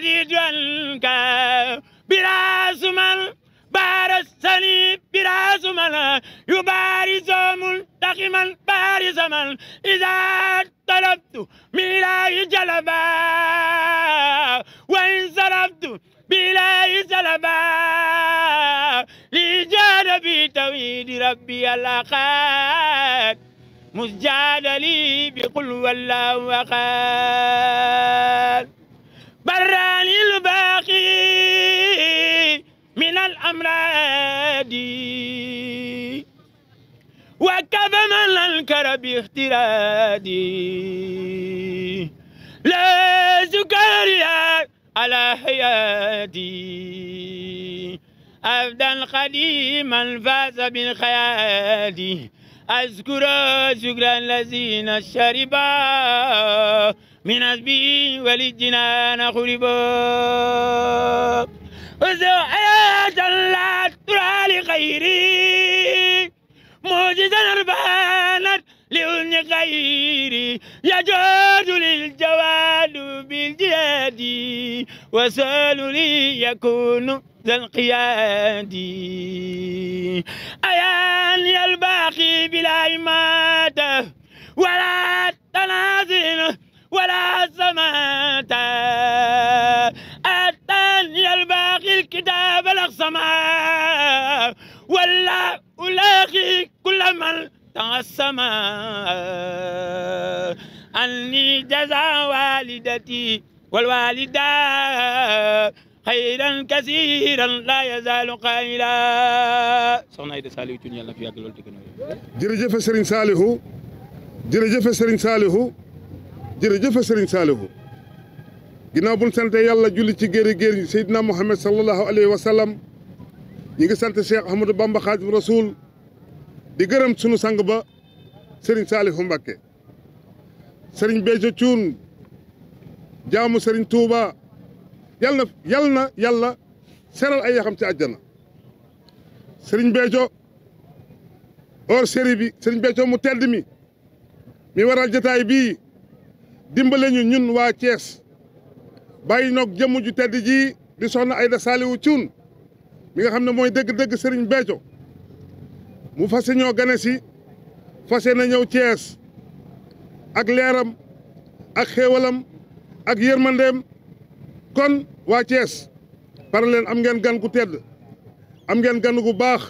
الحديد والكاف براس من بارز سليب براس من يبارز ملتقما بارز من إذا طلبت ميلاه جلبا وإن سلبت بلاه سلبا لجاد في توحيد ربي الأخاك مزجاد لي بقل والله أخاك الأمراض وكفنا الأنكر باختراد لا زكريا على حياتي أفضل قديما فاز بالخيال أذكر شكر الذين شربا من أسبي وللجنان خربا لا ترى لغيري معجزا أربانت لأن غيري يجود للجواد بالجهاد وسال لي يكون ذا القياد أيان الباقي بلا إماتة ولا تنازل ولا سماتة السماء ولا ألاقي كل من تعصم أني جزا والدتي والوالدة خيرا كثيرا لا يزال قائلا soxna Aida Saliou Thioune yàlla na fi yàgg loolu te gën a jërëjëf Serigne Saliou jërëjëf Serigne Saliou jërëjëf Serigne Saliou ginnaaw buñ sante yàlla julli ci géeri géer Seydina Muhammad sallallahu alayhi wa sallam ñi ngi sant Cheikh Ahmadou Bamba Khadim Rasoul di gërëm sunu sang ba Serigne Saliou Mbacké Serigne Béthio Thioune jaamu Serigne Touba yal na yal na yàlla seral ay yaxam ci àjjana sëriñ Béthio or sëri bi Serigne Béthio mu tedd mi mi waral jotaay bi dimbale ñun waa cees bàyyi noog jëmm ju tedd ji di soxna da Saliou Thioune mi nga xam ne mooy dëgg-dëgg Serigne Béthio mu fase ñoo gane si fase na ñëw Thiès ak leeram ak xéewalam ak yërmandeem kon waa Thiès pare leen am ngeen gan gu tedd am ngeen gan gu baax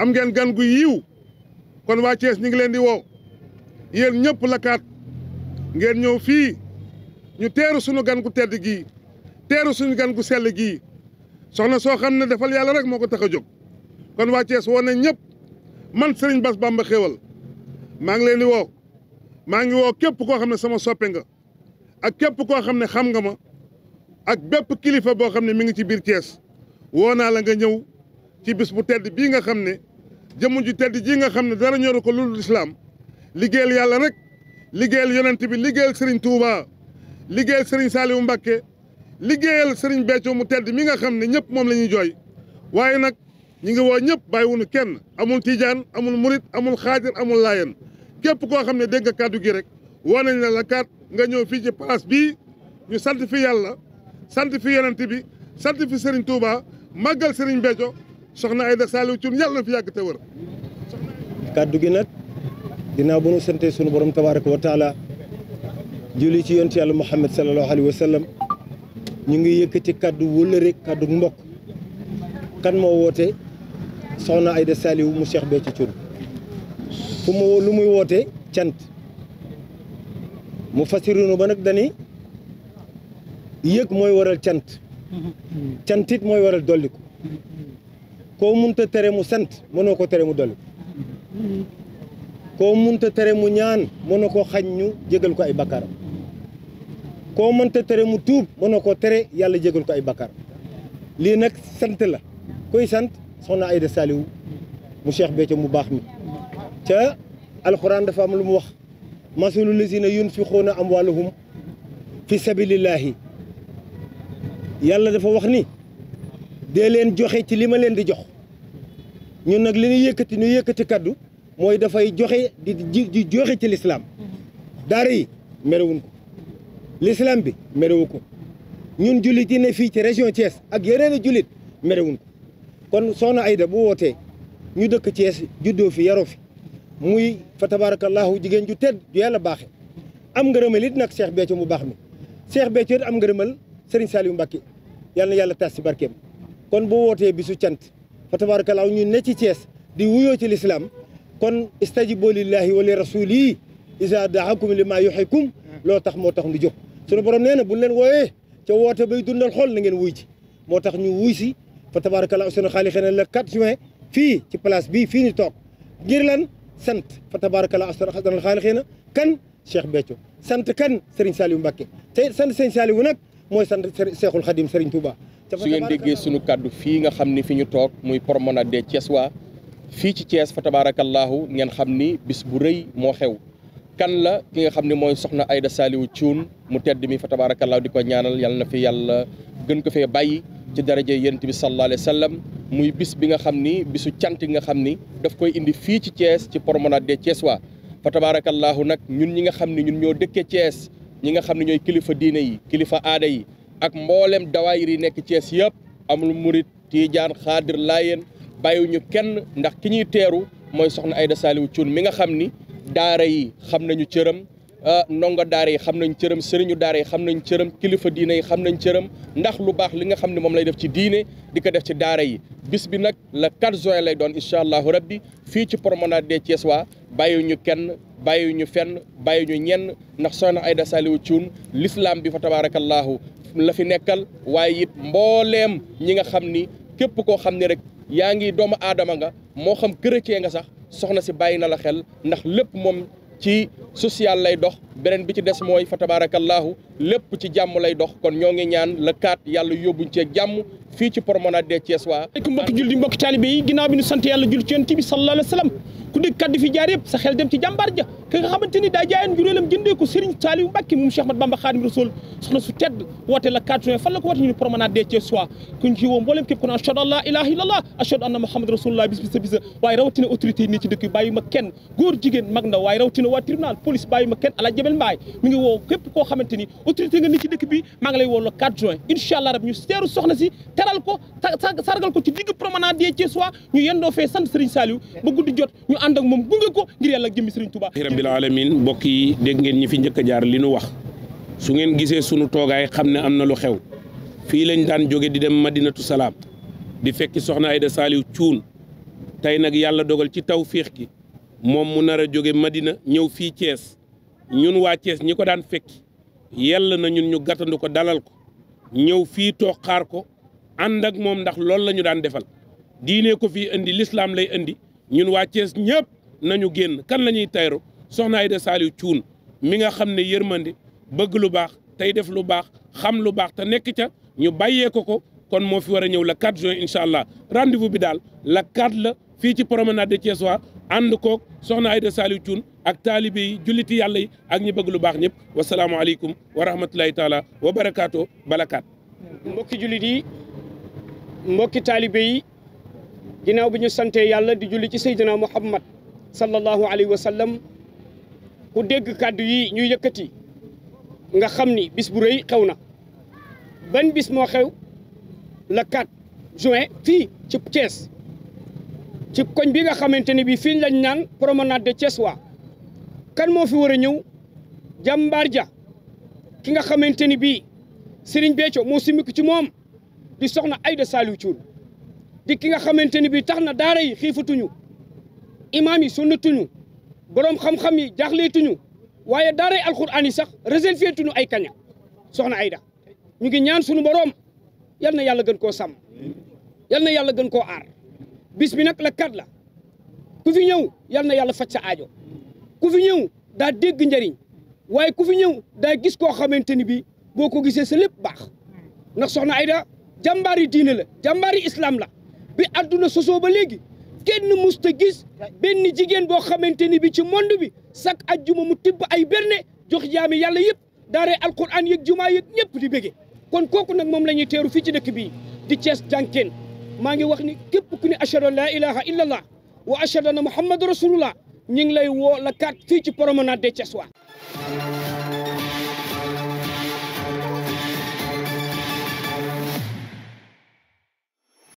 am ngeen gan gu yiw kon waa Thiès ñu ngi leen di woo yéen ñëpp lakaat ngeen ñëw fii ñu teeru suñu gan gu tedd gii teeru suñu gan gu sell gii soxna soo xam ne defal yàlla rek moo ko tax a jóg kon waa Thiès woo nañ ñëpp man Serigne bas Bamba xéwal maa ngi leen di woo maa ngi woo képp koo xam ne sama soppe nga ak képp koo xam ne xam nga ma ak bépp kilifa boo xam ne mi ngi ci biir Thiès woo naa la nga ñëw ci bis bu tedd bii nga xam ne jëmm ju tedd ji nga xam ne dara ñoru ko lu dul islaam liggéeyal yàlla rek liggéeyal yonent bi liggéeyal Serigne Touba liggéeyal Serigne Saliou Mbacké liggéeyal Serigne Béthio mu tedd mi nga xam ne ñëpp moom la ñuy jooy waaye nag ñi ngi woo ñëpp bàyyiwunu kenn amul tijaan amul murit amul xaadir amul laayen képp koo xam ne dégg nga kàddu gi rek woo nañ la la kaat nga ñëw fii ci place bi ñu sant fi yàlla sant fi yonent bi sant fi Serigne Touba màggal sëriñ Béthio soxna Aïda Saliou Thioune yàlla na fi yàgg te wër kàddu gi nag ginnaaw bu ñu sante sunu borom tabaraka wa taala julli ci yonent yàlla Muhammad sallallahu alayhi wa sallam ñu ngi yëkkati kàddu wëllëre kàddu mbokk kan moo woote soxna Aïda Saliou mu seex Cheikh ci Thioune fu mu lu muy woote cant mu fasirinu ba nag dani yëg mooy waral cant cantit mooy waral dolliku koo munta tere mu sant mënoo ko tere mu dolliku koo munta tere mu ñaan mënoo ko xañ ñu jégal ko ay bakkaaram koo mënta tere mu tuub mën na koo tere yàlla jégal ko ay bakkaar lii nag sant la koy sant soxna Aïda Saliou mu Cheikh Béthio mu baax mi ca alxuraan dafa am lu mu wax masalu lazina yunfiquuna amwaalahum fi sabilillahi yàlla dafa wax ni dee leen joxe ci li ma leen di jox ñun nag li ñuy yëkkati ñu yëkkati kaddu mooy dafay joxe di joxe ci lislaam daara yi merewuñ ko l'islam bi merewu ko ñun jullit yi ne fii ci région Thiès ak yeneen i jullit merewuñ ko kon soxna ayda bu wootee ñu dëkk Thiès juddoo fi yaro fi muy fa tabarakallahu jigéen ju tedd ju yàlla baaxe am ngërëmal it nag Cheikh Béthio mu baax mi Cheikh Béthio it am ngërëmal Serigne Saliou Mbacké yàlla na yàlla tas si barkeem kon boo wootee bisu cant fa tabarakallahu ñu ne ci Thiès di wuyoo ci l'islam kon istajibu lillahi wa li rasuli isa daakum li maa yuxikum loo tax moo tax nu jóg sunu borom nee na buñ leen wooyee ca woote bay dundal xool na ngeen wuy ci moo tax ñu wuy si fa tabaarakallaa sunu xaalis xëy na le 4 juin fii ci place bii fii ñu toog ngir lan sant fa tabaarakallaa sunu xaalis xëy na kan Cheikh Béthio sant kan Serigne Saliou Mbacké te sant Serigne Saliou nag mooy sant Cheikhul Khadim Serigne Touba. su ngeen déggee sunu kàddu fii nga xam ni fi ñu toog muy promenade des Thiessois fii ci Thiès fa tabaarakallaahu ngeen xam ni bis bu rëy moo xew. kan la ki nga xam ne mooy soxna Aida Saliou Thioune mu tedd mi fa tabaarakallaahu di ko ñaanal yàlla na fi yàlla gën ko fee bàyyi ci daraje yonent bi sallallaahu alayhi wa sallam muy bis bi nga xam ni bisu cant nga xam ni daf koy indi fii ci Thiès ci promenade des Thiès waa fa tabaarakallaahu nag ñun ñi nga xam ne ñun ñoo dëkkee Thiès ñi nga xam ne ñooy kilifa diine yi kilifa aada yi ak mboolem dawaayir yi nekk cees yëpp amul murit tiijaan xaadir laayeen bàyyiwuñu kenn ndax ki ñuy teeru mooy soxna Aida Saliou Thioune mi nga xam ni daara yi xam nañu cëram ah, ndongo daara yi xam nañ cëram sëriñu daara yi xam nañ cëram kilifa diine yi xam nañ cëram ndax lu baax li nga xam ne moom lay def ci diine di ko def ci daara yi bis bi nag la 4 juin lay doon incha allahu rabbi fii ci promenade des Thiessois bàyyi ñu kenn bàyyi ñu fenn bàyyi ñu ñenn ndax soxna Aïda Saliou Thioune l'islam bi fa tabarakallahu la fi nekkal waaye it mbooleem ñi nga xam ni képp koo xam ne rek yaa ngi doomu aadama nga moo xam chrétien nga sax soxna si bàyyi na la xel ndax lépp moom ci social lay dox beneen bi ci des mooy fa tabaarakallaahu lépp ci jàmm lay dox kon ñoo ngi ñaan le kaat yàlla yóbbuñ cee jàmm fii ci promenade des Thiessois. mbokk julli mbokk taalibe yi ginnaaw bi ñu sant yàlla jull ci yonent bi sallallahu alayhi ku dégg kaddu fi jaar sa xel dem ci jàmbaar ka nga xamante ni daa jaayoon njuréelam jëndee ko Serigne Saliou Mbacke Bamba Khadim Rasoul soxna su tedd woote la 4 juin fan ñu promenade des Thiessois kuñ ci woo mboolem képp ku ne ashhadu an laa ilaaha illallah anna Muhammad rasulullah bis bi bisa waaye rawatina autorité nii ci dëkk bi maa ngi lay woo la allah rab ñu seeru soxna si teral ko sargal ko ci digg promenade ànd ak moom gunge ko ngir yàlla jëmmi Serigne Touba. rabbil alamin mbokk yi dégg ngeen ñi fi njëkk jaar li nu wax su ngeen gisee sunu toogaay xam ne am na lu xew fii lañ daan jóge di dem madinatu salaam di fekki soxna Aida Saliou Thioune tey nag yàlla dogal ci taw féex gi moom mu nar a jóge madina ñëw fii cees ñun waa cees ñi ko daan fekki yàlla na ñun ñu gàttandu ko dalal ko ñëw fii toog xaar ko ànd ak moom ndax loolu la ñu daan defal diine ko fii indi lislaam lay indi ñun waa Thiès ñëpp nañu génn kan la ñuy tayru soxna Aïda Saliou Thioune mi nga xam ne yërmande bëgg lu baax tey def lu baax xam lu baax te nekk ca ñu bàyyee ko ko kon moo fi war a ñëw la 4 juin incha allah rendez bi daal la 4 la fii ci promenade de Thiès waa ànd koog soxna Aïda Saliou Thioune ak taalibe yi julliti yàlla yi ak ñu bëgg lu baax ñëpp wasalaamualeykum wa rahmatulahi taala wa barakaatu balakaat mbokki jullit yi mbokki taalibe yi ginnaaw bi ñu santee yàlla di julli ci seydina muhammad sallallahu alayhi wa sallam ku dégg kàddu yi ñu yëkkati nga xam ni bis bu rëy xew na ban bis moo xew le 4 juin fi ci Thiès ci koñ bi nga xamante ni bii fii lañ naan promenade de Thiès kan moo fi war a ñëw jàmbaar ja ki nga xamante ni bii Serigne Béthio moo simiku ci moom di soxna Aïda Saliou Thioune di nga xamante ni bi tax na daara yi xiifatuñu imaam yi sunnatuñu boroom xam-xam yi jaaxleetuñu waaye daara yi alxuraan yi sax réservétuñu ay kaña soxna Ayda ñu ngi ñaan suñu boroom yal na yàlla gën koo sàmm yal na yàlla gën koo aar bis bi nag la kat la ku fi ñëw yal na yàlla faj sa aajo ku fi ñëw daa dégg njariñ waaye ku fi ñëw daa gis koo xamante ni bii boo ko gisee sa lépp baax ndax soxna Ayda jàmbaari diine la jàmbaari islaam la bi àdduna sosoo ba léegi kenn musta gis benn jigéen boo xamante ni bi ci mond bi chaque juma mu tibb ay berne jox jaami yàlla yëpp daaree alquran yeeg juma yeeg ñëpp di bége kon kooku nag moom la ñuy teeru fii ci dëkk bii di Thiès jànkeen maa ngi wax ni képp ku ne ashhadu an laa ilaha illa allah wa ashhadu anna muhammadu rasulullah ñu ngi lay woo la kaat fii ci promenade de Thiès waa